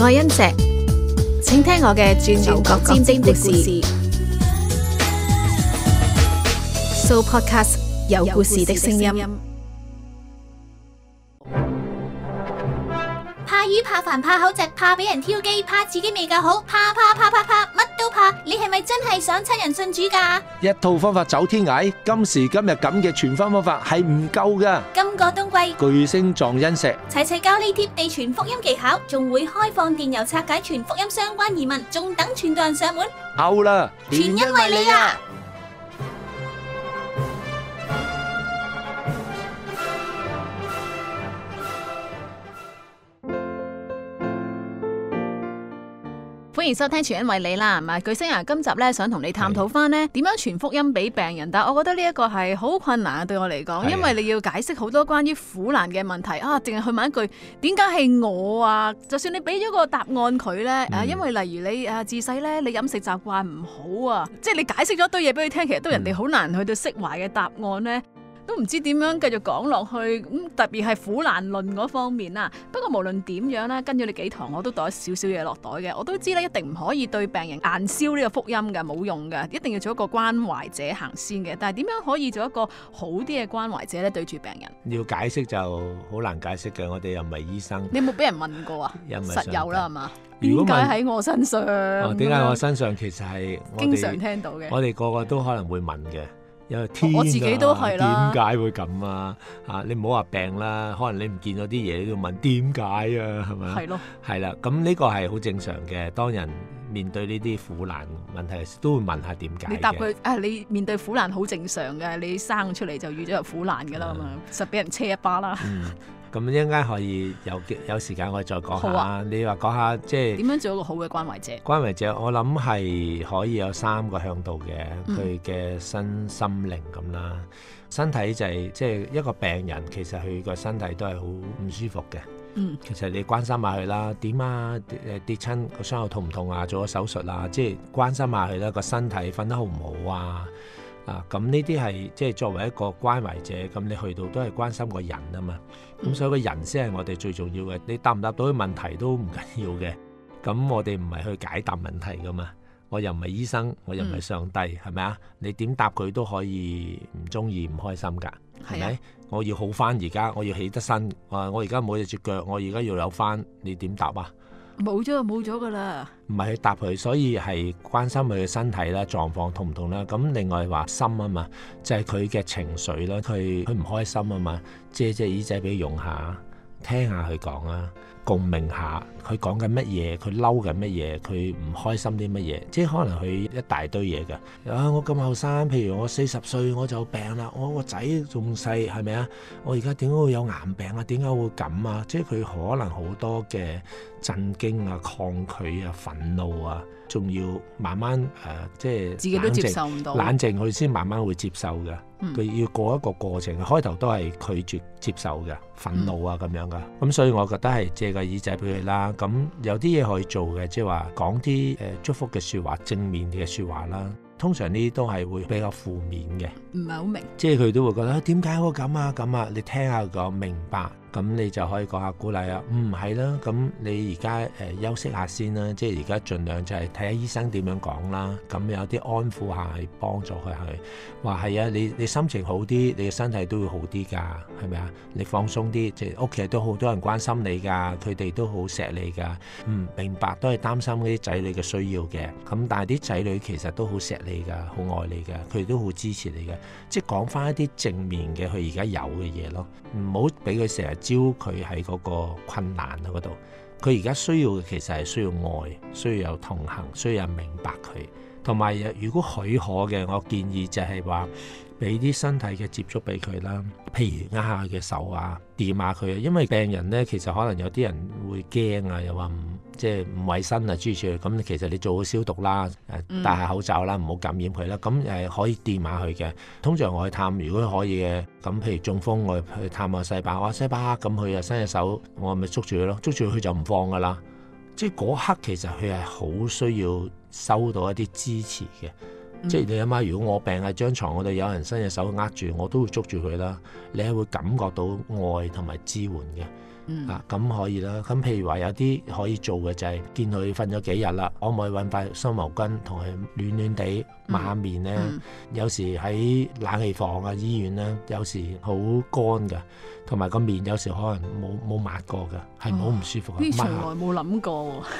愛恩石，請聽我嘅轉轉角尖尖的故事。So podcast 有故事的聲音。怕煩怕口食，怕俾人挑機，怕自己未夠好，怕怕怕怕怕，怕，乜都怕。你係咪真係想親人信主噶？一套方法走天涯，今時今日咁嘅傳福音方法係唔夠噶。今個冬季巨星撞恩石，齊齊教呢貼地傳福音技巧，仲會開放電郵拆解傳福音相關疑問，仲等傳到人上門。牛啦！全因為你啊！歡迎收聽全因為你啦，係嘛？巨星人今集咧想同你探討翻咧點樣傳福音俾病人，的但係我覺得呢一個係好困難啊，對我嚟講，因為你要解釋好多關於苦難嘅問題啊，淨係去問一句點解係我啊？就算你俾咗個答案佢咧，啊，因為例如你啊自細咧你飲食習慣唔好啊，即係你解釋咗一堆嘢俾佢聽，其實都人哋好難去到釋懷嘅答案咧。都唔知點樣繼續講落去，咁、嗯、特別係苦難論嗰方面啦。不過無論點樣啦，跟住你幾堂，我都袋少少嘢落袋嘅。我都知咧，一定唔可以對病人硬銷呢個福音嘅，冇用嘅，一定要做一個關懷者行先嘅。但係點樣可以做一個好啲嘅關懷者咧？對住病人，要解釋就好難解釋嘅。我哋又唔係醫生，你有冇俾人問過啊？實有啦，係嘛？點解喺我身上？哦，點解我身上其實係經常聽到嘅。我哋個個都可能會問嘅。啊、我自己都係啊，點解會咁啊？嚇你唔好話病啦，可能你唔見咗啲嘢，你都問點解啊？係咪？係咯是的，係啦，咁呢個係好正常嘅。當人面對呢啲苦難問題，都會問下點解。你答佢啊？你面對苦難好正常嘅，你生出嚟就遇咗有苦難㗎啦咁樣，實俾是的 人車一巴啦。嗯 咁應該可以有有時間我哋再講下。啊、你話講下即係點樣做一個好嘅關懷者？關懷者我諗係可以有三個向度嘅，佢嘅身心靈咁啦。嗯、身體就係、是、即係一個病人，其實佢個身體都係好唔舒服嘅。嗯、其實你關心下佢啦，點啊？跌親個傷口痛唔痛啊？做咗手術啊？即係關心下佢啦。個身體瞓得好唔好啊？啊咁呢啲係即係作為一個關懷者，咁你去到都係關心個人啊嘛。咁、嗯、所以個人先係我哋最重要嘅，你答唔答到啲問題都唔緊要嘅。咁我哋唔係去解答問題噶嘛，我又唔係醫生，我又唔係上帝，係咪啊？你點答佢都可以唔中意、唔開心噶，係咪？啊、我要好返，而家我要起得身。我我而家冇隻腳，我而家要有返，你點答啊？冇咗就冇咗噶啦，唔係去答佢，所以係關心佢嘅身體啦，狀況痛唔痛啦。咁另外話心啊嘛，就係佢嘅情緒啦。佢佢唔開心啊嘛，借隻耳仔俾佢用下，聽下佢講啊。共鳴下佢講緊乜嘢，佢嬲緊乜嘢，佢唔開心啲乜嘢，即係可能佢一大堆嘢㗎。啊，我咁後生，譬如我四十歲我就病啦，我個仔仲細係咪啊？我而家點解會有癌病啊？點解會咁啊？即係佢可能好多嘅震驚啊、抗拒啊、憤怒啊，仲要慢慢誒、呃，即係自己都接受唔到，冷靜佢先慢慢會接受嘅。佢、嗯、要過一個過程，開頭都係拒絕接受嘅憤怒啊咁樣㗎。咁、嗯、所以我覺得係即係。耳仔俾佢啦，咁有啲嘢可以做嘅，即係話講啲誒祝福嘅說話，正面嘅說話啦。通常呢啲都係會比較負面嘅，唔係好明。即係佢都會覺得點解會咁啊咁啊？你聽下講明白。咁你就可以講下鼓勵啊，嗯，係啦，咁你而家誒休息下先啦，即係而家盡量就係睇下醫生點樣講啦。咁、嗯、有啲安撫下，幫助佢佢話係啊，你你心情好啲，你嘅身體都會好啲㗎，係咪啊？你放鬆啲，即係屋企都好多人關心你㗎，佢哋都好錫你㗎。嗯，明白都係擔心嗰啲仔女嘅需要嘅。咁、嗯、但係啲仔女其實都好錫你㗎，好愛你㗎，佢哋都好支持你嘅。即係講翻一啲正面嘅，佢而家有嘅嘢咯，唔好俾佢成日。招佢喺嗰個困難度，佢而家需要嘅其實係需要愛，需要有同行，需要有明白佢，同埋如果許可嘅，我建議就係話。俾啲身體嘅接觸俾佢啦，譬如握下佢嘅手啊，掂下佢啊，因為病人咧其實可能有啲人會驚啊，又話唔即係唔衞生啊，諸如此類，咁其實你做好消毒啦，嗯、戴下口罩啦，唔好感染佢啦，咁誒可以掂下佢嘅。通常我去探，如果可以嘅，咁譬如中風我去探下細胞，哇塞巴咁佢又伸隻手，我咪捉住佢咯，捉住佢就唔放噶啦。即係嗰刻其實佢係好需要收到一啲支持嘅。即係你阿媽，如果我病喺張床嗰度，有人伸隻手握住，我都會捉住佢啦。你係會感覺到愛同埋支援嘅，嚇咁、嗯啊、可以啦。咁譬如話有啲可以做嘅就係、是、見佢瞓咗幾日啦，我可唔可以揾塊濕毛巾同佢暖暖地抹下面呢？嗯嗯、有時喺冷氣房啊，醫院呢，有時好乾㗎，同埋個面有時可能冇冇抹過㗎，係好唔舒服。呢啲從來冇諗過。媽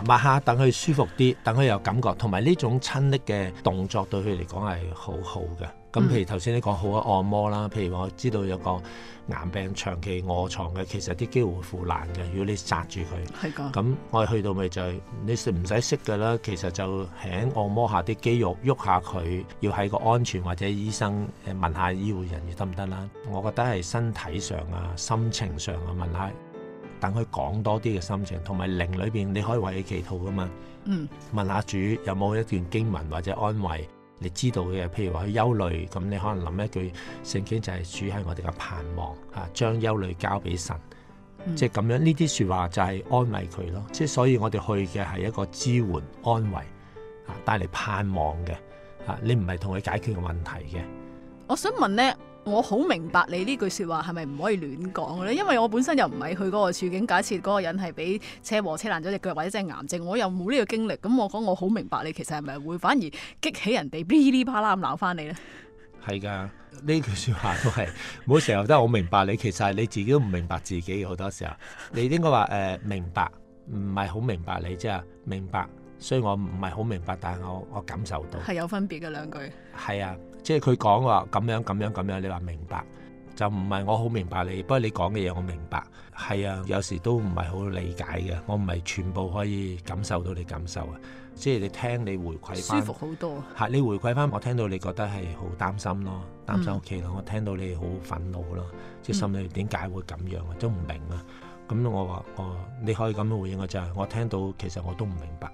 抹下等佢舒服啲，等佢有感覺，同埋呢種親昵嘅動作對佢嚟講係好好嘅。咁譬如頭先你講好嘅按摩啦，嗯、譬如我知道有個癌病長期卧床嘅，其實啲肌肉會腐爛嘅，如果你紮住佢，咁的、嗯、我去到咪就係、是、你唔使識嘅啦，其實就輕按摩下啲肌肉，喐下佢，要喺個安全或者醫生誒問下醫護人員得唔得啦。我覺得係身體上啊、心情上啊問下。等佢講多啲嘅心情，同埋靈裏邊你可以為佢祈禱噶嘛？嗯，問下主有冇一段經文或者安慰，你知道嘅，譬如話佢憂慮，咁你可能諗一句聖經就係主係我哋嘅盼望，嚇、啊、將憂慮交俾神，即係咁樣呢啲説話就係安慰佢咯。即係所以我哋去嘅係一個支援、安慰，嚇、啊、帶嚟盼望嘅。嚇、啊、你唔係同佢解決問題嘅。我想問咧。我好明白你呢句說話係咪唔可以亂講嘅咧？因為我本身又唔係去嗰個處境假設，嗰個人係俾車禍車爛咗隻腳或者隻癌症，我又冇呢個經歷。咁、嗯、我講我好明白你，其實係咪會反而激起人哋噼里啪啦咁鬧翻你咧？係噶，呢句說話都係。好成日都係好明白你，其實係你自己都唔明白自己好多時候。你應該話誒、呃、明白，唔係好明白你，即係明白。所以我唔係好明白，但係我我感受到係有分別嘅兩句。係啊。即係佢講話咁樣咁樣咁樣，你話明白就唔係我好明白你，不過你講嘅嘢我明白。係啊，有時都唔係好理解嘅，我唔係全部可以感受到你感受啊。即係你聽你回饋返，舒服好多。嚇、啊，你回饋返我聽到你覺得係好擔心咯，擔心屋企咯。嗯、我聽到你好憤怒咯，即係心裏點解會咁樣啊？嗯、都唔明啊。咁、嗯、我話哦，你可以咁樣回應我就係，我聽到其實我都唔明白。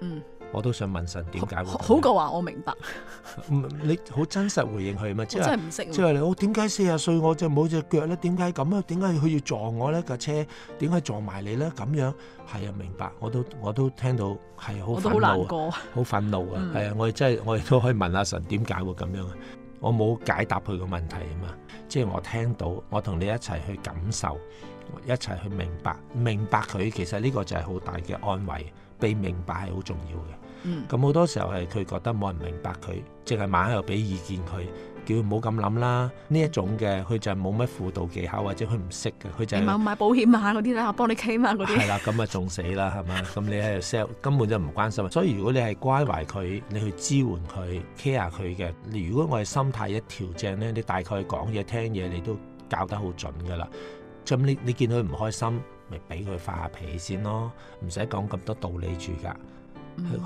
嗯。我都想問神點解會好過話，我明白。唔，你好真實回應佢啊嘛！我真係唔識。即係你，我點解四十歲我就冇隻腳咧？點解咁啊？點解佢要撞我咧？架車點解撞埋你咧？咁樣係啊，明白。我都我都聽到係好，好難過，好憤怒啊！係啊，我哋真係我哋都可以問阿神點解會咁樣啊？我冇解答佢個問題啊嘛，即係我聽到，我同你一齊去感受，一齊去明白，明白佢其實呢個就係好大嘅安慰，被明白係好重要嘅。咁好、嗯、多時候係佢覺得冇人明白佢，淨係晚黑又俾意見佢，叫佢唔好咁諗啦。呢一種嘅佢就係冇乜輔導技巧或者佢唔識嘅，佢就係、是、買唔買保險啊嗰啲咧，我幫你傾啊嗰啲。係啦 咁啊仲死啦係嘛？咁你喺度 sell 根本就唔關心。所以如果你係關懷佢，你去支援佢，care 佢嘅。如果我係心態一調正咧，你大概講嘢聽嘢，你都搞得好準噶啦。咁你你見到佢唔開心，咪俾佢發下脾先咯，唔使講咁多道理住㗎。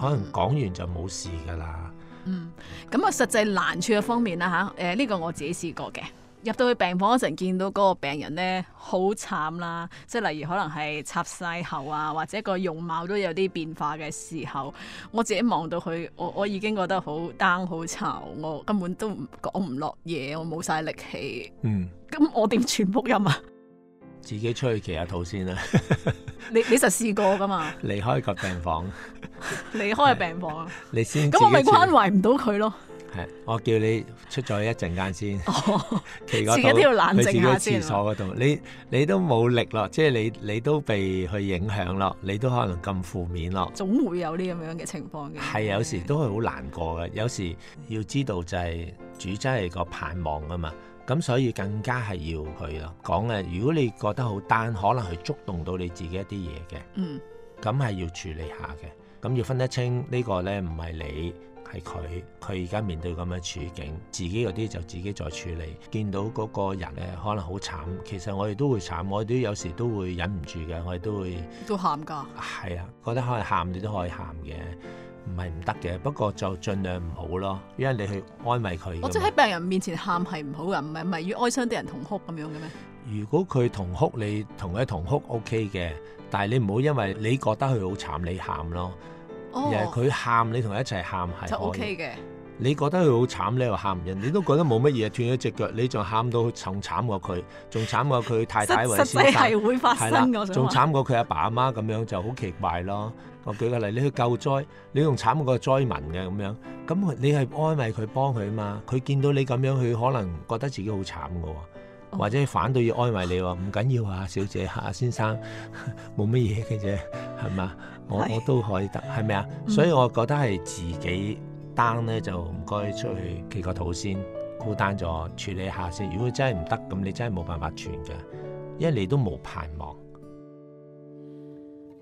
可能講完就冇事噶啦。嗯，咁啊，實際難處嘅方面啦吓，誒，呢個我自己試過嘅。入到去病房嗰陣，時見到嗰個病人咧，好慘啦，即係例如可能係插晒喉啊，或者個容貌都有啲變化嘅時候，我自己望到佢，我我已經覺得好 down 好嘈，我根本都講唔落嘢，我冇晒力氣。嗯，咁我點傳福音啊？自己出去騎下肚先啦 。你你實試過噶嘛？ 離開個病房，離開個病房，你先咁咪關懷唔到佢咯？係， 我叫你出咗一陣間先，騎個 自己都要冷靜下先。喺廁所度， 你你都冇力咯，即係你你都被佢影響咯，你都可能咁負面咯。總會有呢咁樣嘅情況嘅。係的，有時都係好難過嘅，有時要知道就係主真係個盼望啊嘛。咁所以更加係要去咯講嘅，如果你覺得好單，可能係觸動到你自己一啲嘢嘅，咁係、嗯、要處理下嘅。咁要分得清呢、這個呢，唔係你係佢，佢而家面對咁嘅處境，自己嗰啲就自己再處理。見到嗰個人呢，可能好慘，其實我哋都會慘，我哋都有時都會忍唔住嘅，我哋都會都喊㗎。係啊，啊，覺得可以喊你都可以喊嘅。唔係唔得嘅，不過就盡量唔好咯，因為你去安慰佢。我即喺病人面前喊係唔好嘅，唔係咪要與哀傷啲人同哭咁樣嘅咩？如果佢同哭，你同佢同哭 OK 嘅，但係你唔好因為你覺得佢好慘，你喊咯。哦。而係佢喊，你同佢一齊喊係 OK 嘅。就你覺得佢好慘，你又喊，人你都覺得冇乜嘢斷咗隻腳，你仲喊到仲慘過佢，仲慘過佢太太為先。失事係會發生，係啦。仲才慘過佢阿爸阿媽咁樣就好奇怪咯。我舉個例，你去救災，你用慘過災民嘅咁樣，咁你係安慰佢幫佢啊嘛？佢見到你咁樣，佢可能覺得自己好慘嘅喎，哦、或者反倒要安慰你喎。唔緊要啊，小姐，阿、啊、先生冇乜嘢嘅啫，係 嘛？我是我都可以得，係咪啊？嗯、所以我覺得係自己單呢，就唔該出去揭個肚先，孤單咗處理下先。如果真係唔得咁，你真係冇辦法傳嘅，因為你都冇盼望。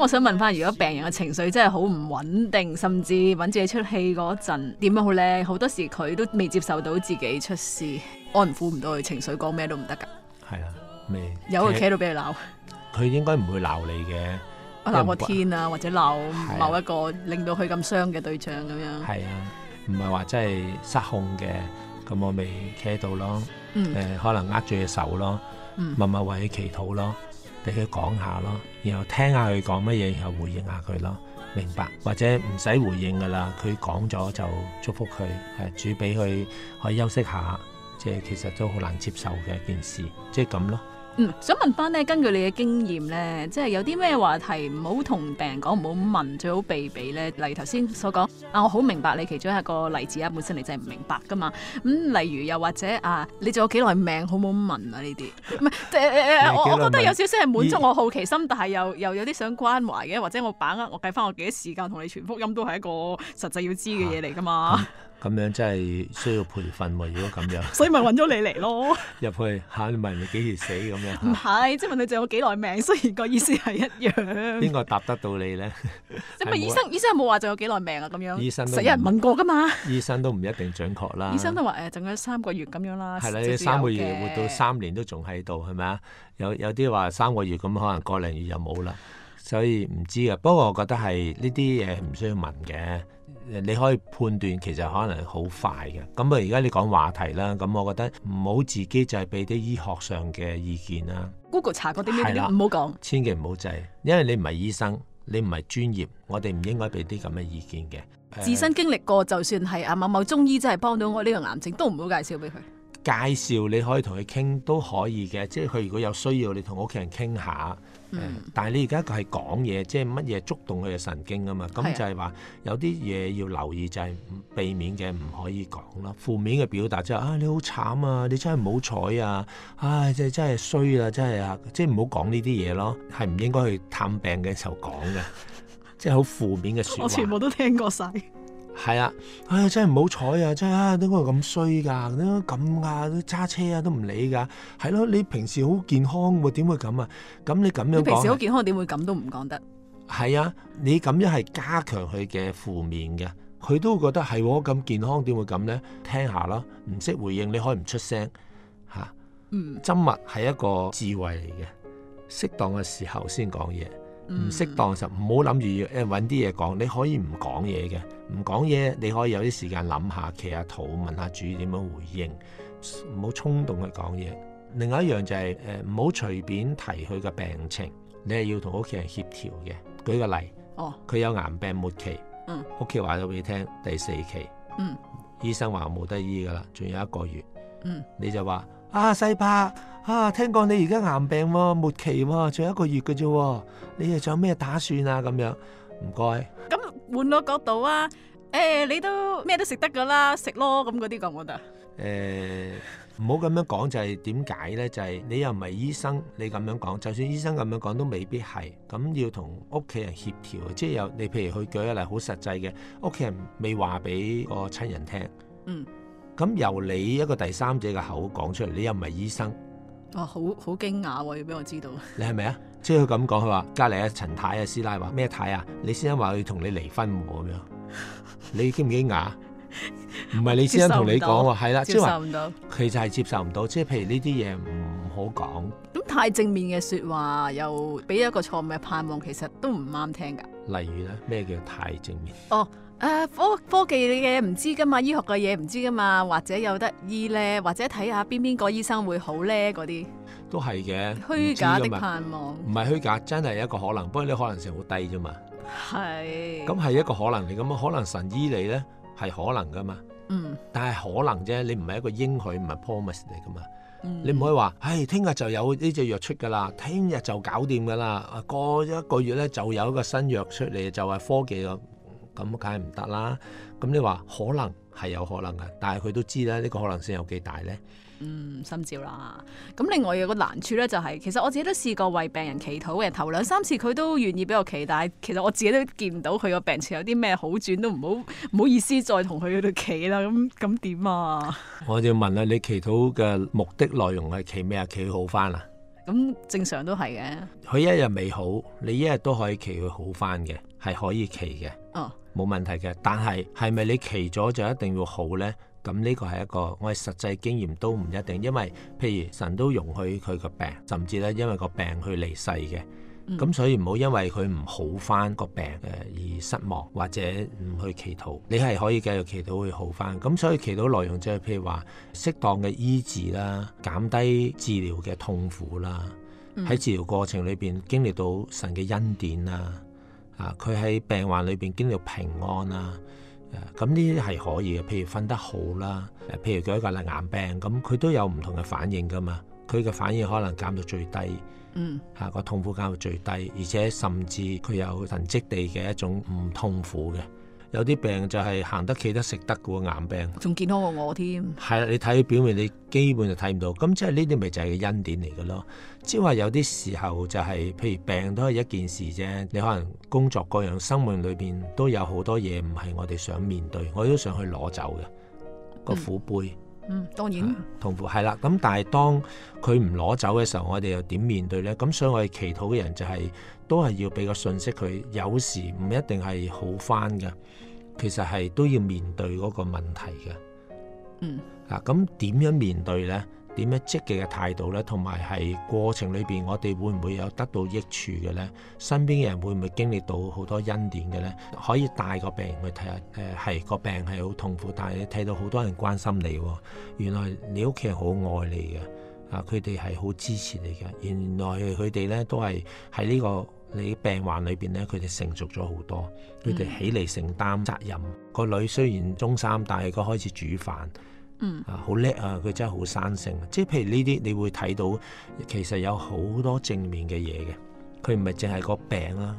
我想問翻，如果病人嘅情緒真係好唔穩定，甚至揾住你出氣嗰陣，點樣好呢？好多時佢都未接受到自己出事，安撫唔到佢情緒，講咩都唔得噶。係啊，咩？有佢企喺度俾佢鬧，佢應該唔會鬧你嘅。我鬧個天啦，或者鬧某一個令到佢咁傷嘅對象咁樣。係啊，唔係話真係失控嘅，咁我咪企喺度咯。誒，可能握住隻手咯，默默為佢祈禱咯。俾佢講下咯，然後聽下佢講乜嘢，然後回應下佢咯，明白？或者唔使回應㗎喇，佢講咗就祝福佢，誒主俾佢可以休息下，即係其實都好難接受嘅一件事，即係咁咯。嗯，想問翻咧，根據你嘅經驗咧，即係有啲咩話題唔好同病人講，唔好問，最好避避咧。例如頭先所講，啊，我好明白你其中一個例子啊，本身你就係唔明白噶嘛。咁、嗯、例如又或者啊，你仲有幾耐命，好唔好問啊？呢啲唔係，我我覺得有少少係滿足我好奇心，你 但係又又有啲想關懷嘅，或者我把握我計翻我幾多時間同你傳福音，都係一個實際要知嘅嘢嚟噶嘛。啊嗯咁樣真係需要培訓喎！如果咁樣，所以咪揾咗你嚟咯。入去嚇、啊，你問你幾時死咁樣？唔、啊、係，即係問你仲有幾耐命，雖然個意思係一樣。邊個答得到你咧？你問但是 有醫生，醫生有冇話仲有幾耐命啊？咁樣，醫生都有人問過㗎嘛。醫生都唔一定準確啦。醫生都話誒，仲有三個月咁樣啦。係啦，有有三個月活到三年都仲喺度，係咪啊？有有啲話三個月咁，可能個零月就冇啦。所以唔知㗎。不過我覺得係呢啲嘢係唔需要問嘅。你可以判斷，其實可能好快嘅。咁啊，而家你講話題啦，咁我覺得唔好自己就係俾啲醫學上嘅意見啦。Google 查過啲咩啲，唔好講。千祈唔好制，因為你唔係醫生，你唔係專業，我哋唔應該俾啲咁嘅意見嘅。呃，自身經歷過，就算係啊某某中醫真係幫到我呢個癌症，都唔好介紹俾佢。介紹你可以同佢傾都可以嘅，即係佢如果有需要，你同屋企人傾下。嗯、但係你而家佢係講嘢，即係乜嘢觸動佢嘅神經啊嘛，咁就係話有啲嘢要留意，就係避免嘅唔可以講啦。負面嘅表達即係啊，你好慘啊，你真係唔好彩啊，唉、哎，即係真係衰啊，真係啊，即係唔好講呢啲嘢咯，係唔應該去探病嘅時候講嘅， 即係好負面嘅説話。我全部都聽過晒。係啊，唉、哎、真係唔好彩啊！真係都咁衰噶，點解咁啊？揸、啊啊、車啊都唔理噶。係咯、啊，你平時好健康喎，點會咁啊？咁、啊、你咁樣你平時好健康，點會咁都唔講得？係啊，你咁樣係加強佢嘅負面嘅，佢都會覺得係喎，咁、啊、健康點會咁咧？聽下咯，唔識回應你可以唔出聲嚇。啊、嗯，沉默係一個智慧嚟嘅，適當嘅時候先講嘢。唔適當時唔好諗住要誒搵啲嘢講，你可以唔講嘢嘅，唔講嘢你可以有啲時間諗下，祈下禱問下主點樣回應，唔好衝動去講嘢。另外一樣就係誒唔好隨便提佢嘅病情，你係要同屋企人協調嘅。舉個例，哦，佢有癌病末期，嗯，屋企話咗俾你聽第四期，嗯，醫生話冇得醫噶啦，仲有一個月，嗯，你就話啊西伯。啊！聽講你而家癌病喎，末期喎，仲有一個月嘅啫喎，你誒仲有咩打算啊？咁樣唔該。咁換我角度啊，誒、欸，你都咩都食得噶啦，食咯咁嗰啲，覺唔覺得啊？誒，唔好咁樣講就係點解咧？就係你又唔係醫生，你咁樣講，就算醫生咁樣講都未必係。咁要同屋企人協調啊，即係有你譬如去舉一例好實際嘅，屋企人未話俾個親人聽，嗯，咁由你一個第三者嘅口講出嚟，你又唔係醫生。哇、哦，好好驚訝喎、啊！要俾我知道。你係咪啊？即係佢咁講，佢話隔離阿陳太啊，師奶話咩太啊？李先生話要同你離婚喎，咁樣。你驚唔驚訝？唔係李先生同你講喎，係啦，接受唔到。其實係接受唔到。即係譬如呢啲嘢唔好講。太正面嘅説話，又俾一個錯誤嘅盼望，其實都唔啱聽㗎。例如咧，咩叫太正面？哦。Uh, 科科技嘅唔知噶嘛，醫學嘅嘢唔知噶嘛，或者有得醫呢，或者睇下邊邊個醫生會好呢嗰啲，都係嘅，虛假的盼望，唔係虛假，真係一個可能，不過你可能性好低啫嘛，係是，咁係一個可能嚟，咁可能神醫你呢係可能噶嘛，嗯，但係可能啫，你唔係一個應許，唔係 promise 嚟噶嘛。嗯、你唔可以話，唉、哎，聽日就有呢隻藥出噶啦，聽日就搞掂噶啦，啊，過一個月呢，就有一個新藥出嚟，就係、是、科技咁梗係唔得啦！咁你話可能係有可能嘅，但係佢都知啦，呢個可能性有幾大呢？嗯，心照啦。咁另外有個難處呢、就是，就係其實我自己都試過為病人祈禱嘅。頭兩三次佢都願意俾我祈禱，但係其實我自己都見唔到佢個病情有啲咩好轉，都唔好唔好意思再同佢喺度祈禱啦。咁咁點啊？我就問啦，你祈禱嘅目的內容係祈咩啊？祈好翻啊？咁正常都係嘅。佢一日未好，你一日都可以祈佢好翻嘅，係可以祈嘅。哦。冇問題嘅，但係係咪你祈咗就一定要好呢？咁呢個係一個我哋實際經驗都唔一定，因為譬如神都容許佢個病，甚至咧因為個病去離世嘅。咁、嗯、所以唔好因為佢唔好翻個病嘅而失望或者唔去祈禱。你係可以繼續祈禱會好翻。咁所以祈禱內容就係、是、譬如話適當嘅醫治啦，減低治療嘅痛苦啦，喺、嗯、治療過程裏邊經歷到神嘅恩典啦。啊！佢喺病患裏邊經歷平安啊，誒咁呢啲係可以嘅。譬如瞓得好啦，誒、啊、譬如佢一個癌病，咁、啊、佢都有唔同嘅反應噶嘛。佢嘅反應可能減到最低，嗯嚇個痛苦減到最低，而且甚至佢有神跡地嘅一種唔痛苦嘅。有啲病就係行得企得食得嘅喎，癌病仲健康過我添。係啦，你睇表面你基本就睇唔到，咁即係呢啲咪就係個恩典嚟嘅咯。即係話有啲時候就係、是，譬如病都係一件事啫。你可能工作各樣生命裏邊都有好多嘢唔係我哋想面對，我都想去攞走嘅個苦杯。嗯嗯，當然。啊、痛苦係啦，咁但係當佢唔攞走嘅時候，我哋又點面對呢？咁所以我哋祈禱嘅人就係、是、都係要俾個信息佢，有時唔一定係好翻嘅，其實係都要面對嗰個問題嘅。嗯，嗱、啊，咁點樣面對呢？點樣積極嘅態度呢？同埋係過程裏邊，我哋會唔會有得到益處嘅呢？身邊嘅人會唔會經歷到好多恩典嘅呢？可以帶個病人去睇下，誒、呃、係個病係好痛苦，但係你睇到好多人關心你、哦，原來你屋企人好愛你嘅，啊佢哋係好支持你嘅。原來佢哋呢都係喺呢個你病患裏邊呢，佢哋成熟咗好多，佢哋、嗯、起嚟承擔責任。個女雖然中三，但係佢開始煮飯。嗯，好叻啊！佢、啊、真係好生性、啊，即係譬如呢啲，你會睇到其實有好多正面嘅嘢嘅，佢唔係淨係個病啦、啊。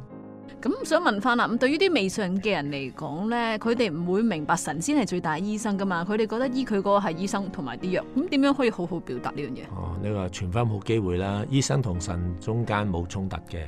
咁、嗯、想問翻啦，咁對於啲未信嘅人嚟講呢，佢哋唔會明白神仙係最大醫生噶嘛？佢哋覺得醫佢嗰個係醫生同埋啲藥，咁點樣可以好好表達呢樣嘢？哦，你話傳翻好機會啦，醫生同神中間冇衝突嘅。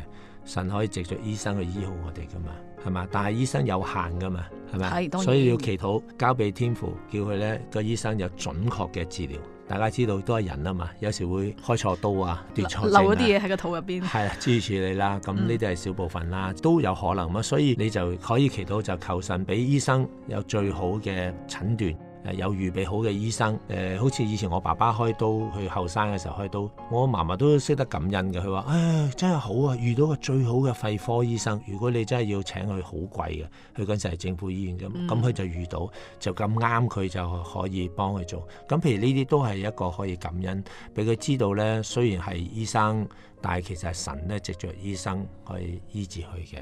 神可以藉著醫生去醫好我哋噶嘛，係嘛？但係醫生有限噶嘛，係嘛？所以要祈禱交俾天父，叫佢咧、嗰個醫生有準確嘅治療。大家知道都係人啊嘛，有時會開錯刀啊，斷錯症留嗰啲嘢喺個肚入邊。係啊，支持你理啦。咁呢啲係小部分啦，嗯、都有可能嘛。所以你就可以祈禱，就求神俾醫生有最好嘅診斷。誒有預備好嘅醫生，誒、呃、好似以前我爸爸開刀去後生嘅時候開刀，我媽媽都識得感恩嘅。佢話，唉，真係好啊，遇到個最好嘅肺科醫生。如果你真係要請佢，好貴嘅。佢嗰陣係政府醫院咁，咁佢就遇到、嗯、就咁啱，佢就可以幫佢做。咁譬如呢啲都係一個可以感恩，俾佢知道呢，雖然係醫生，但係其實係神呢，藉著醫生去醫治佢嘅。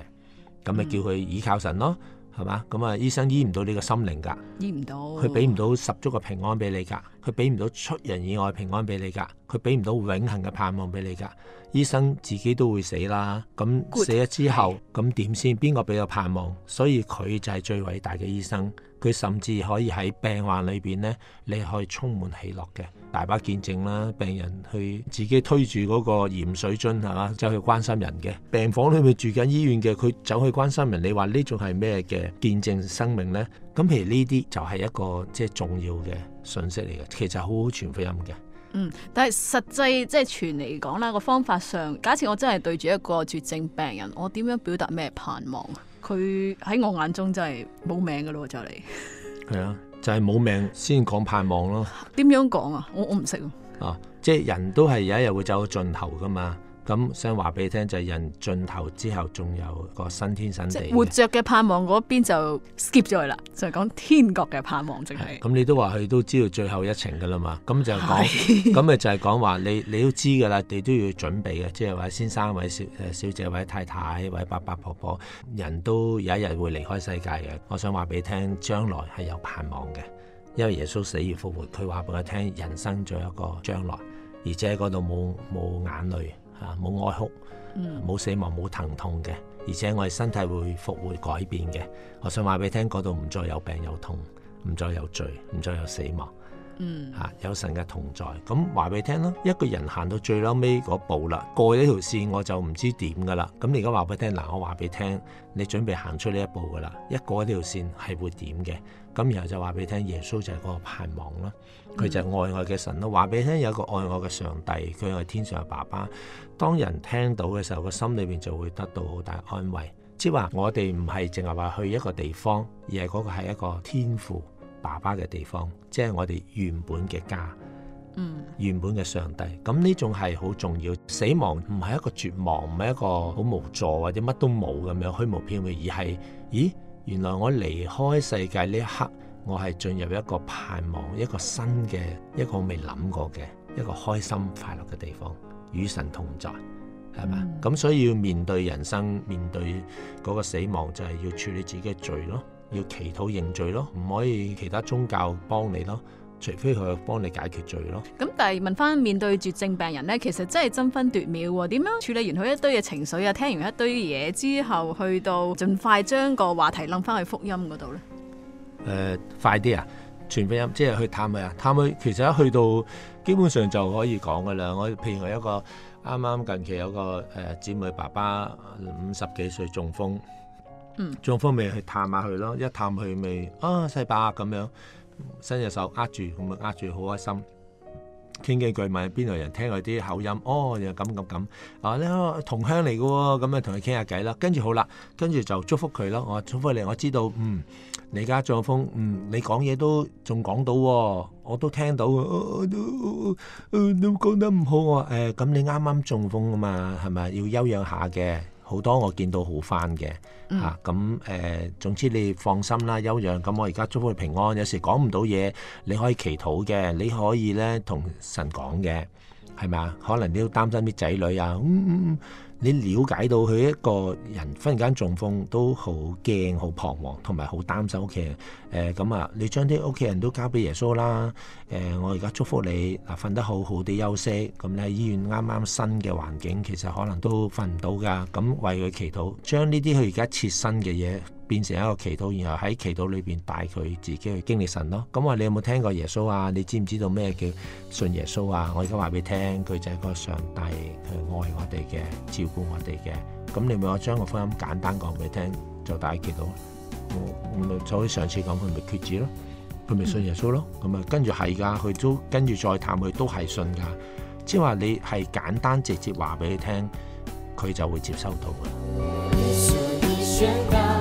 咁咪叫佢倚靠神咯。係嘛？咁啊、嗯，醫生醫唔到你個心靈㗎，醫唔到，佢俾唔到十足嘅平安俾你㗎，佢俾唔到出人意外平安俾你㗎，佢俾唔到永恆嘅盼望俾你㗎。醫生自己都會死啦，咁死咗之後，咁點先？邊個俾到盼望？所以佢就係最偉大嘅醫生，佢甚至可以喺病患裏邊呢，你可以充滿喜樂嘅。大把見證啦，病人去自己推住嗰個鹽水樽係嘛，走去關心人嘅病房裏面住緊醫院嘅，佢走去關心人。你話呢種係咩嘅見證生命呢？咁譬如呢啲就係一個即係重要嘅信息嚟嘅，其實好好傳福音嘅。嗯，但係實際即係傳嚟講啦，個方法上，假設我真係對住一個絕症病人，我點樣表達咩盼望？佢喺我眼中真係冇名嘅咯，就嚟。係 啊。就係冇命先講盼望咯。點樣講啊？我我唔識啊。啊，即係人都係有一日會走到盡頭㗎嘛。咁想話俾你聽，就係、是、人盡頭之後，仲有個新天新地。活着嘅盼望嗰邊就 skip 咗佢啦。就係、是、講天國嘅盼望、就是，即係。咁你都話佢都知道最後一程噶啦嘛？咁就係講，咁咪的就係講話你你都知噶啦，你都要準備嘅。即係話先生位小誒小姐、位太太、位伯伯、婆婆，人都有一日會離開世界嘅。我想話俾你聽，將來係有盼望嘅，因為耶穌死而復活，佢話俾我聽，人生仲有一個將來，而且嗰度冇冇眼淚。啊！冇哀哭，冇死亡，冇疼痛嘅，而且我哋身體會復活改變嘅。我想話俾你聽，嗰度唔再有病有痛，唔再有罪，唔再有死亡。嗯，吓、啊、有神嘅同在。咁話俾你聽咯，一個人行到最嬲尾嗰步啦，過咗條線我就唔知點噶啦。咁你而家話俾你聽，嗱，我話俾你聽，你準備行出呢一步噶啦，一過咗條線係會點嘅？咁然後就話俾你聽，耶穌就係嗰個盼望啦。佢就愛愛嘅神咯，話俾你聽有一個愛我嘅上帝，佢係天上嘅爸爸。當人聽到嘅時候，個心裏面就會得到好大安慰。即係話我哋唔係淨係話去一個地方，而係嗰個係一個天父爸爸嘅地方，即係我哋原本嘅家。嗯，原本嘅上帝。咁呢種係好重要。死亡唔係一個絕望，唔係一個好無助或者乜都冇咁樣虛無飄渺，而係，咦，原來我離開世界呢一刻，我係進入一個盼望，一個新嘅一個未諗過嘅一個開心快樂嘅地方，與神同在，係嘛？咁、嗯嗯、所以要面對人生，面對嗰個死亡，就係、是、要處理自己嘅罪咯，要祈禱認罪咯，唔可以其他宗教幫你咯，除非佢幫你解決罪咯。咁、嗯嗯、但係問翻面對絕症病人呢，其實真係爭分奪秒喎，點樣處理完佢一堆嘅情緒啊？聽完一堆嘢之後，去到盡快將個話題諗翻去福音嗰度呢？誒、呃、快啲啊！傳福音即係去探佢啊！探佢其實一去到基本上就可以講㗎喇。我譬如一個啱啱近期有個誒姊、呃、妹爸爸五十幾歲中風，嗯、中風未去探下佢咯，一探佢咪啊世伯咁、啊、樣伸隻手握住，咁樣握住好開心。傾幾句問邊度人聽佢啲口音，哦又咁咁咁，啊呢個同鄉嚟嘅喎，咁咪同佢傾下偈啦。跟住好啦，跟住就祝福佢咯。我祝福你，我知道，嗯，你而家中風，嗯，你講嘢都仲講到、哦，我都聽到，都都講得唔好啊、哦。誒、欸，咁你啱啱中風啊嘛，係咪要休養下嘅？好多我見到好翻嘅嚇，咁誒、嗯啊嗯，總之你放心啦，休養。咁我而家祝福你平安。有時講唔到嘢，你可以祈禱嘅，你可以咧同神講嘅，係咪？可能你都擔心啲仔女啊。嗯嗯你了解到佢一個人忽然間中風都好驚、好彷徨，同埋好擔心屋企人。咁、呃、啊，你將啲屋企人都交俾耶穌啦。呃、我而家祝福你嗱，瞓、呃、得好好啲休息。咁你喺醫院啱啱新嘅環境，其實可能都瞓唔到㗎。咁為佢祈禱，將呢啲佢而家切身嘅嘢。變成一個祈禱，然後喺祈禱裏邊帶佢自己去經歷神咯。咁、嗯、話你有冇聽過耶穌啊？你知唔知道咩叫信耶穌啊？我而家話俾你聽，佢就係個上帝，佢愛我哋嘅，照顧我哋嘅。咁你咪我將個福音簡單講俾你聽，就帶祈禱。我我就好似上次咁，佢咪決志咯，佢咪信耶穌咯。咁、嗯、啊跟住係㗎，佢都跟住再探佢都係信㗎。即係話你係簡單直接話俾佢聽，佢就會接收到㗎。嗯嗯嗯嗯嗯嗯嗯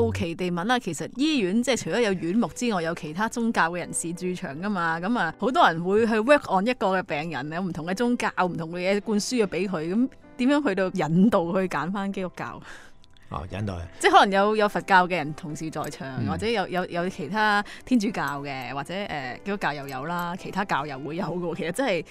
好、嗯、奇地問啦，其實醫院即係除咗有院牧之外，有其他宗教嘅人士駐場噶嘛？咁、嗯、啊，好多人會去 work on 一個嘅病人，有唔同嘅宗教、唔同嘅嘢灌輸啊，俾佢咁點樣去到引導去揀返基督教？哦，引導即係可能有有佛教嘅人同時在場，嗯、或者有有有其他天主教嘅，或者誒、呃、基督教又有啦，其他教又會有嘅喎。其實真係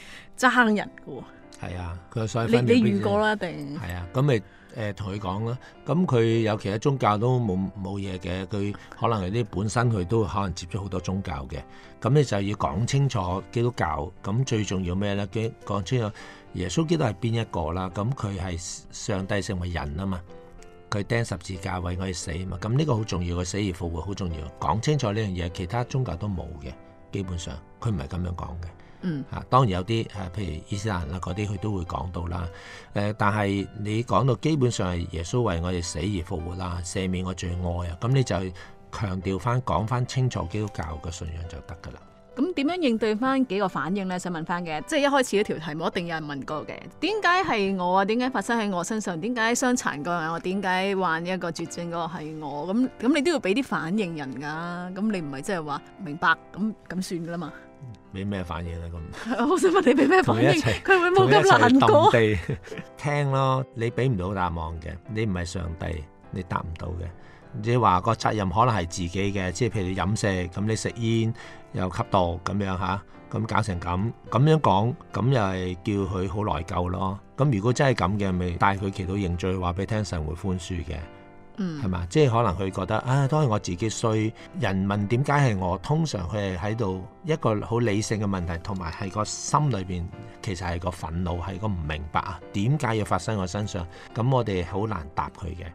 爭人嘅喎。係、嗯、啊，佢所以分你，你，你遇過啦，一定係啊，咁咪。誒同佢講啦，咁佢、呃嗯、有其他宗教都冇冇嘢嘅，佢可能有啲本身佢都可能接觸好多宗教嘅，咁、嗯、你就要講清楚基督教，咁、嗯、最重要咩呢？講清楚耶穌基督係邊一個啦，咁佢係上帝成為人啊嘛，佢釘十字架為我哋死，嘛、嗯。咁、嗯、呢、這個好重要嘅，死而復活好重要，講清楚呢樣嘢，其他宗教都冇嘅，基本上佢唔係咁樣講嘅。嗯，啊，當然有啲啊，譬如伊斯蘭啦嗰啲，佢都會講到啦。誒，但係你講到基本上係耶穌為我哋死而復活啦，赦免我罪惡啊，咁你就強調翻講翻清楚基督教嘅信仰就得噶啦。咁點、嗯、樣應對翻幾個反應咧？想問翻嘅，即係一開始嗰條題目一定有人問過嘅，點解係我啊？點解發生喺我身上？點解傷殘嗰個？我點解患一個絕症嗰個係我？咁咁你都要俾啲反應人㗎。咁你唔係即係話明白咁咁算㗎嘛？俾咩反應咧？咁，我想問你俾咩反應？佢會冇咁難過？ 聽咯，你俾唔到答案嘅，你唔係上帝，你答唔到嘅。你話個責任可能係自己嘅，即係譬如你飲食咁，你食煙又吸毒咁樣吓，咁、啊、搞成咁咁樣講，咁又係叫佢好內疚咯。咁如果真係咁嘅，咪帶佢祈禱認罪，話俾你聽，神會寬恕嘅。係嘛？即係可能佢覺得啊，都係我自己衰。人問點解係我，通常佢係喺度一個好理性嘅問題，同埋係個心裏邊其實係個憤怒，係個唔明白啊，點解要發生喺我身上？咁、嗯、我哋好難答佢嘅。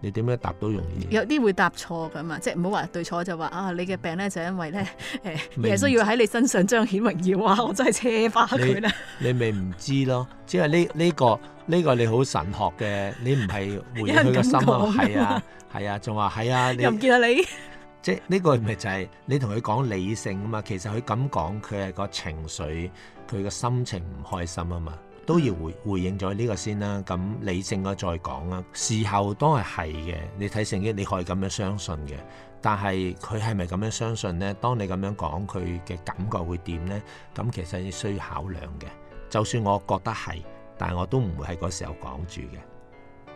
你點樣答都容易？有啲會答錯㗎嘛，即係唔好話對錯就話啊！你嘅病咧就因為咧誒，耶穌要喺你身上彰顯榮耀啊！我真係車化佢啦！你咪唔知咯，即係呢呢個呢、呢個呢個你好神學嘅，你唔係回佢個心啊！係啊係啊，仲話係啊！你又唔見啊你？即係呢個咪就係你同佢講理性啊嘛，其實佢咁講佢係個情緒，佢個心情唔開心啊嘛。都要回回應咗呢個先啦，咁理性咗再講啦。事後都係係嘅，你睇聖經你可以咁樣相信嘅，但係佢係咪咁樣相信呢？當你咁樣講，佢嘅感覺會點呢？咁其實你需要考量嘅。就算我覺得係，但係我都唔會喺嗰時候講住嘅。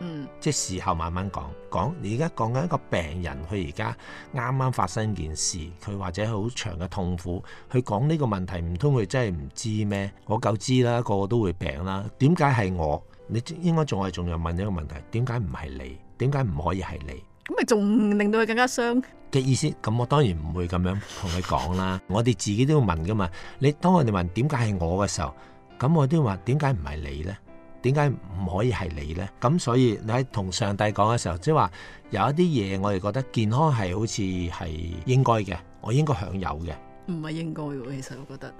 嗯，即係事後慢慢講講。你而家講緊一個病人，佢而家啱啱發生件事，佢或者好長嘅痛苦，佢講呢個問題，唔通佢真係唔知咩？我夠知啦，個個都會病啦。點解係我？你應該仲係仲要問一個問題：點解唔係你？點解唔可以係你？咁咪仲令到佢更加傷嘅意思？咁我當然唔會咁樣同佢講啦。我哋自己都要問㗎嘛。你當我哋問點解係我嘅時候，咁我都話點解唔係你呢？點解唔可以係你呢？咁所以你喺同上帝講嘅時候，即係話有一啲嘢我哋覺得健康係好似係應該嘅，我應該享有嘅。唔係應該喎，其實我覺得。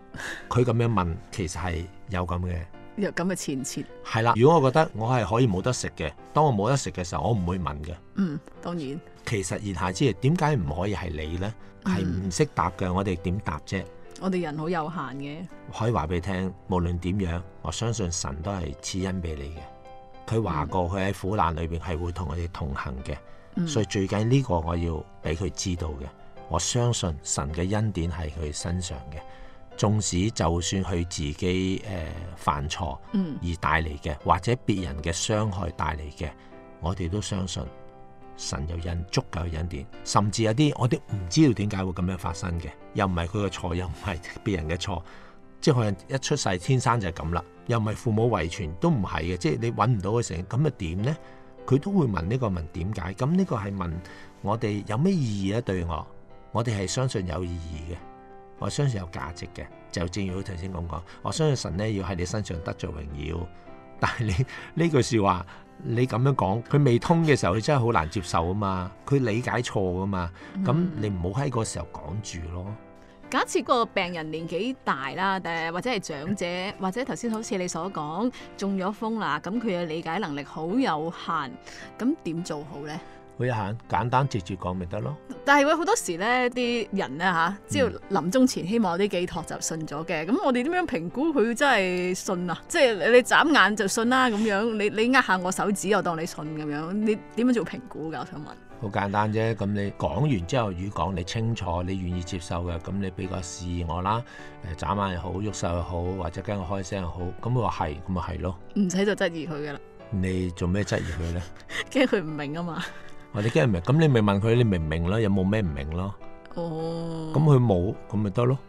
佢 咁樣問，其實係有咁嘅。有咁嘅前設。係啦，如果我覺得我係可以冇得食嘅，當我冇得食嘅時候，我唔會問嘅。嗯，當然。其實言下之意，點解唔可以係你呢？係唔識答嘅，嗯、我哋點答啫？我哋人好有限嘅，可以話俾你聽，無論點樣，我相信神都係賜恩俾你嘅。佢話過，佢喺苦難裏邊係會同我哋同行嘅，嗯、所以最緊呢個我要俾佢知道嘅。我相信神嘅恩典係佢身上嘅，縱使就算佢自己誒、呃、犯錯，而帶嚟嘅或者別人嘅傷害帶嚟嘅，我哋都相信。神有恩，足夠有恩典，甚至有啲我哋唔知道點解會咁樣發生嘅，又唔係佢嘅錯，又唔係別人嘅錯，即係可能一出世天生就係咁啦，又唔係父母遺傳都唔係嘅，即係你揾唔到佢成，咁啊點呢？佢都會問呢個問點解？咁呢個係問我哋有咩意義啊？對我，我哋係相信有意義嘅，我相信有價值嘅，就正如佢頭先講過，我相信神呢要喺你身上得着榮耀，但係你呢句說話。你咁樣講，佢未通嘅時候，你真係好難接受啊嘛！佢理解錯啊嘛！咁、嗯、你唔好喺個時候講住咯。假設個病人年紀大啦，誒或者係長者，或者頭先好似你所講中咗風啦，咁佢嘅理解能力好有限，咁點做好呢？一下簡單直接講咪得咯。但係會好多時咧，啲人咧吓，只要臨終前希望有啲寄託就信咗嘅。咁、嗯、我哋點樣評估佢真係信啊？即係你眨眼就信啦、啊、咁樣。你你握下我手指，我當你信咁樣。你點樣做評估㗎？我想問。好簡單啫。咁你講完之後，如果講你清楚，你願意接受嘅，咁你畀個示意我啦。誒、呃、眨眼又好，喐手又好，或者跟我開聲又好。咁佢話係，咁咪係咯。唔使就質疑佢㗎啦。你做咩質疑佢咧？驚佢唔明啊嘛。我人你梗係明，咁你咪問佢，你明唔明咯？有冇咩唔明咯？咁佢冇，咁咪得咯。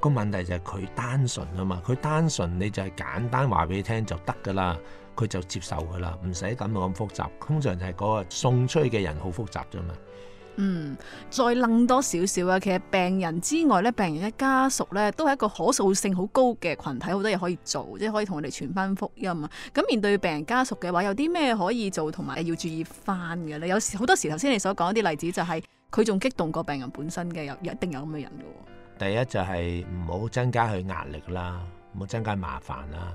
個，嗯嗯嗯、問題就係佢單純啊嘛，佢單純就單你就係簡單話俾你聽就得噶啦，佢就接受噶啦，唔使咁冇咁複雜。通常就係嗰個送出去嘅人好複雜啫嘛。嗯，再諗多少少啊！其實病人之外咧，病人嘅家屬咧都係一個可塑性好高嘅群體，好多嘢可以做，即係可以同佢哋傳翻福音啊！咁面對病人家屬嘅話，有啲咩可以做同埋要注意翻嘅咧？有時好多時頭先你所講啲例子就係佢仲激動過病人本身嘅，有一定有咁嘅人噶。第一就係唔好增加佢壓力啦，唔好增加麻煩啦，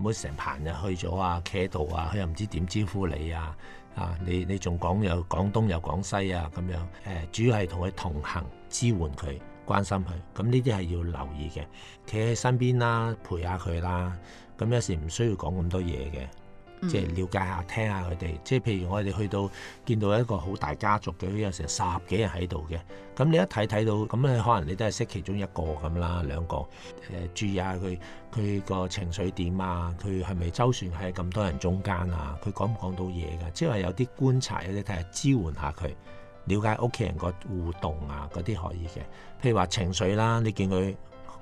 唔好成棚人去咗啊，企喺度啊，佢又唔知點招呼你啊。啊！你你仲講有廣東有廣西啊咁樣，誒主要係同佢同行，支援佢，關心佢，咁呢啲係要留意嘅，企喺身邊啦，陪下佢啦，咁有時唔需要講咁多嘢嘅。即係了解下聽下佢哋，即係譬如我哋去到見到一個好大家族嘅，有成十幾人喺度嘅。咁你一睇睇到咁你可能你都係識其中一個咁啦，兩個誒、呃、注意下佢佢個情緒點啊，佢係咪周旋喺咁多人中間啊？佢講唔講到嘢㗎？即係話有啲觀察有啲睇下支援下佢，了解屋企人個互動啊，嗰啲可以嘅。譬如話情緒啦，你見佢。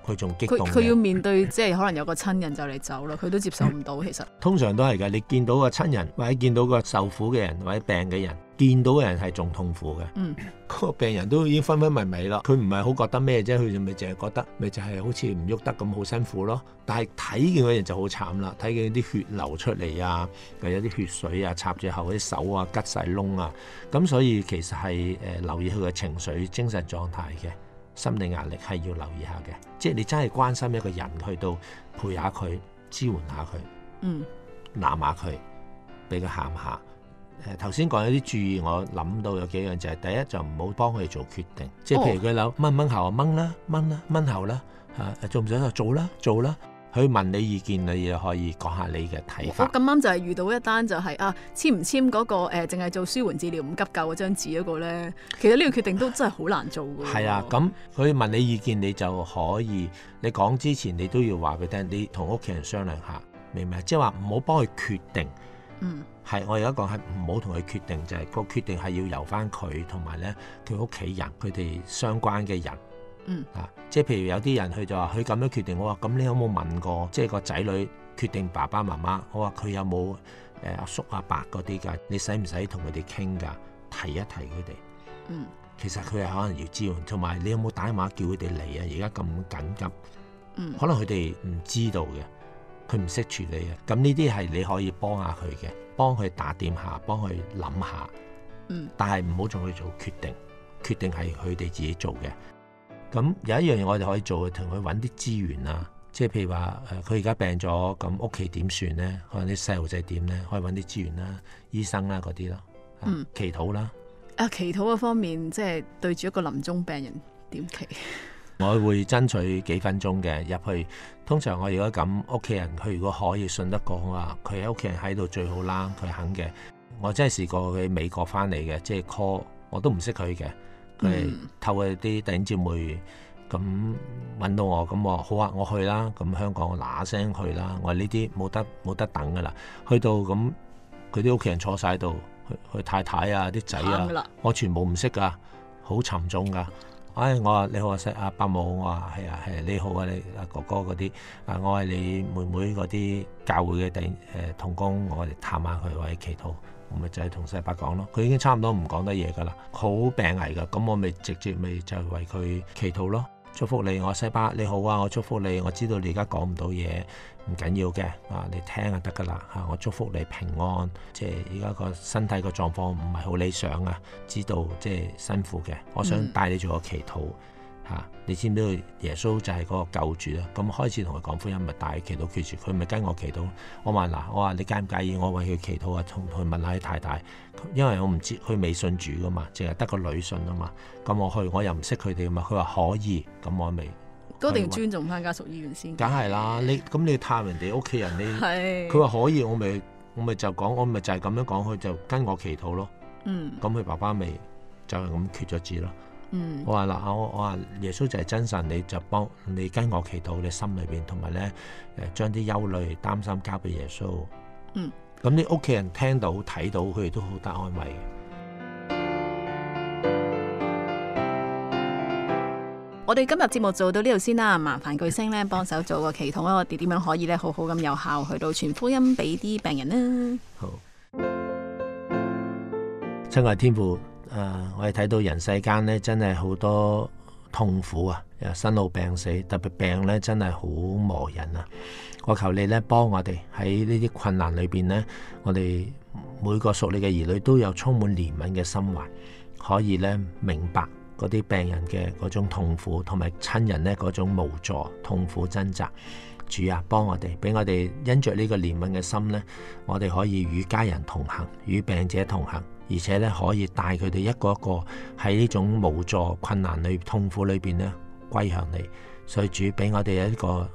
佢仲激動佢佢要面對，即係可能有個親人就嚟走啦，佢都接受唔到。其實通常都係㗎，你見到個親人，或者見到個受苦嘅人，或者病嘅人，見到嘅人係仲痛苦嘅。嗯，嗰個病人都已經昏昏迷迷咯，佢唔係好覺得咩啫，佢就咪淨係覺得，咪就係、是、好似唔喐得咁好辛苦咯。但係睇見嗰人就好慘啦，睇見啲血流出嚟啊，又有啲血水啊，插住後啲手啊，吉晒窿啊，咁所以其實係誒、呃、留意佢嘅情緒、精神狀態嘅。心理壓力係要留意下嘅，即係你真係關心一個人去到陪下佢，支援下佢，嗯，攬下佢，俾佢喊下。誒頭先講有啲注意，我諗到有幾樣就係第一就唔好幫佢做決定，即係譬如佢諗掹唔掹喉啊，掹啦，掹啦，掹喉啦嚇，做唔想就做啦，做啦。佢問你意見，你也可以講下你嘅睇法。我咁啱就係遇到一單就係啊，簽唔簽嗰個誒，淨係做舒緩治療唔急救嗰張紙嗰個咧，其實呢個決定都真係好難做嘅。係啊，咁佢問你意見，你就可以，你講之前你都要話佢聽，你同屋企人商量下，明唔明？即係話唔好幫佢決定。嗯，係，我而家講係唔好同佢決定，就係個決定係要由翻佢同埋咧佢屋企人佢哋相關嘅人。嗯、啊、即係譬如有啲人佢就話佢咁樣決定，我話咁你有冇問過？即係個仔女決定爸爸媽媽，我話佢有冇誒阿叔阿伯嗰啲㗎？你使唔使同佢哋傾㗎？提一提佢哋。嗯，其實佢係可能要知，同埋你有冇打電話叫佢哋嚟啊？而家咁緊急，嗯、可能佢哋唔知道嘅，佢唔識處理嘅。咁呢啲係你可以幫下佢嘅，幫佢打點下，幫佢諗下。嗯、但係唔好做去做決定，決定係佢哋自己做嘅。咁有一樣嘢我哋可以做嘅，同佢揾啲資源啊，即係譬如話誒，佢而家病咗，咁屋企點算呢？可能啲細路仔點呢？可以揾啲資源啦、醫生啦嗰啲咯，祈禱啦。啊，祈禱方面，即係對住一個臨終病人點、嗯啊、祈？我會爭取幾分鐘嘅入去。通常我如果咁，屋企人佢如果可以信得過嘅話，佢喺屋企人喺度最好啦。佢肯嘅，我真係試過去美國翻嚟嘅，即係 call 我都唔識佢嘅，佢哋透過啲弟兄姊妹咁揾到我，咁我話好啊，我去啦。咁香港嗱嗱聲去啦。我話呢啲冇得冇得等噶啦。去到咁佢啲屋企人坐晒喺度，去佢太太啊，啲仔啊，了我全部唔識噶，好沉重噶。唉、哎，我話你好啊，細阿伯母，我話係啊係、啊。你好啊，你阿、啊、哥哥嗰啲，啊我係你妹妹嗰啲教會嘅第誒同工，我哋探下佢，我嚟祈禱。我咪就係同細伯講咯，佢已經差唔多唔講得嘢噶啦，好病危噶，咁我咪直接咪就係為佢祈禱咯，祝福你，我細伯你好啊，我祝福你，我知道你而家講唔到嘢，唔緊要嘅，啊你聽就得噶啦，啊我祝福你平安，即係而家個身體個狀況唔係好理想啊，知道即係、就是、辛苦嘅，我想帶你做個祈禱。 吓、啊，你知唔知道耶穌就係嗰個救主啦？咁開始同佢講福音，咪大祈禱決絕，佢咪跟我祈禱。我話嗱、啊，我話你介唔介意我為佢祈禱啊？同佢問，問，問下啲太太，因為我唔知，佢未信主噶嘛，淨係得個女信啊嘛。咁我去，我又唔識佢哋噶嘛。佢話可以，咁我咪都定尊重翻家屬意願，先梗係啦，你咁你探人哋屋企人，你佢話的可以，我咪我咪就講，我咪就係咁樣講，佢就跟我祈禱咯。嗯，咁佢爸爸咪就係咁決咗志咯。嗯、我話嗱，我我話耶穌就係真神，你就幫你跟我祈禱，你心裏邊同埋咧，誒將啲憂慮、擔心交俾耶穌。嗯。咁你屋企人聽到睇到，佢哋都好得安慰。嗯、我哋今日節目做到呢度先啦，麻煩巨星咧幫手做個祈禱啦，我哋點樣可以咧好好咁有效去到傳福音俾啲病人呢？好。親愛天父。誒、呃，我哋睇到人世間咧，真係好多痛苦啊！又生老病死，特別病咧，真係好磨人啊！我求你咧，幫我哋喺呢啲困難裏邊咧，我哋每個屬你嘅兒女都有充滿憐憫嘅心懷，可以咧明白嗰啲病人嘅嗰種痛苦，同埋親人咧嗰種無助、痛苦掙扎。主啊，幫我哋，俾我哋因着個憐憫呢個憐憫嘅心咧，我哋可以與家人同行，與病者同行。而且咧可以帶佢哋一個一個喺呢種無助、困難裏、痛苦裏邊咧歸向你，所以主俾我哋一個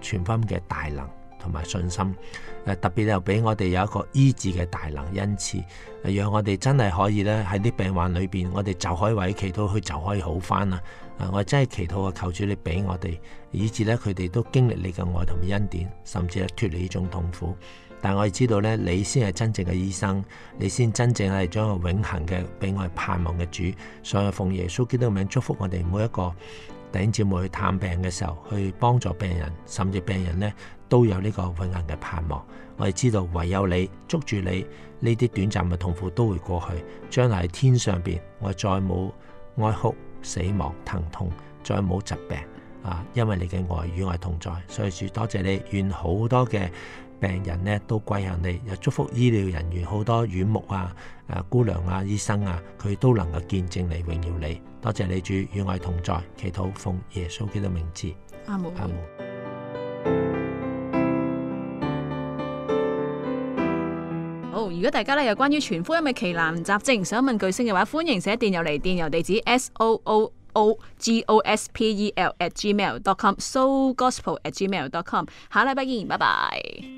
全心嘅大能同埋信心。誒、特別又俾我哋有一個醫治嘅大能恩賜，讓我哋真係可以咧喺啲病患裏邊，我哋就可以為祈禱佢就可以好返啊！誒、我真係祈禱啊，求主你俾我哋，以致咧佢哋都經歷你嘅愛同埋恩典，甚至係脱離呢種痛苦。但我哋知道咧，你先係真正嘅醫生，你先真正係將個永恒嘅俾我哋盼望嘅主。所以奉耶穌基督嘅名祝福我哋每一個弟兄姊妹去探病嘅時候，去幫助病人，甚至病人咧都有呢個永恒嘅盼望。我哋知道唯有你捉住你，呢啲短暫嘅痛苦都會過去。將來天上邊，我再冇哀哭、死亡、疼痛，再冇疾病啊！因為你嘅愛與我同在，所以主多謝你，願好多嘅。病人呢都跪下你，又祝福醫療人員好多院目啊！誒、呃、姑娘啊，醫生啊，佢都能夠見證你、榮耀你。多謝你主與我同在，祈禱奉耶穌基督名字。阿母姆，阿母姆。好，如果大家呢有關於全科音嘅奇難雜症想問巨星嘅話，歡迎寫電郵嚟，電郵地址 s o o o g o s p e l at gmail dot com，so gospel at gmail dot com，so.Com. 下禮拜見，拜拜。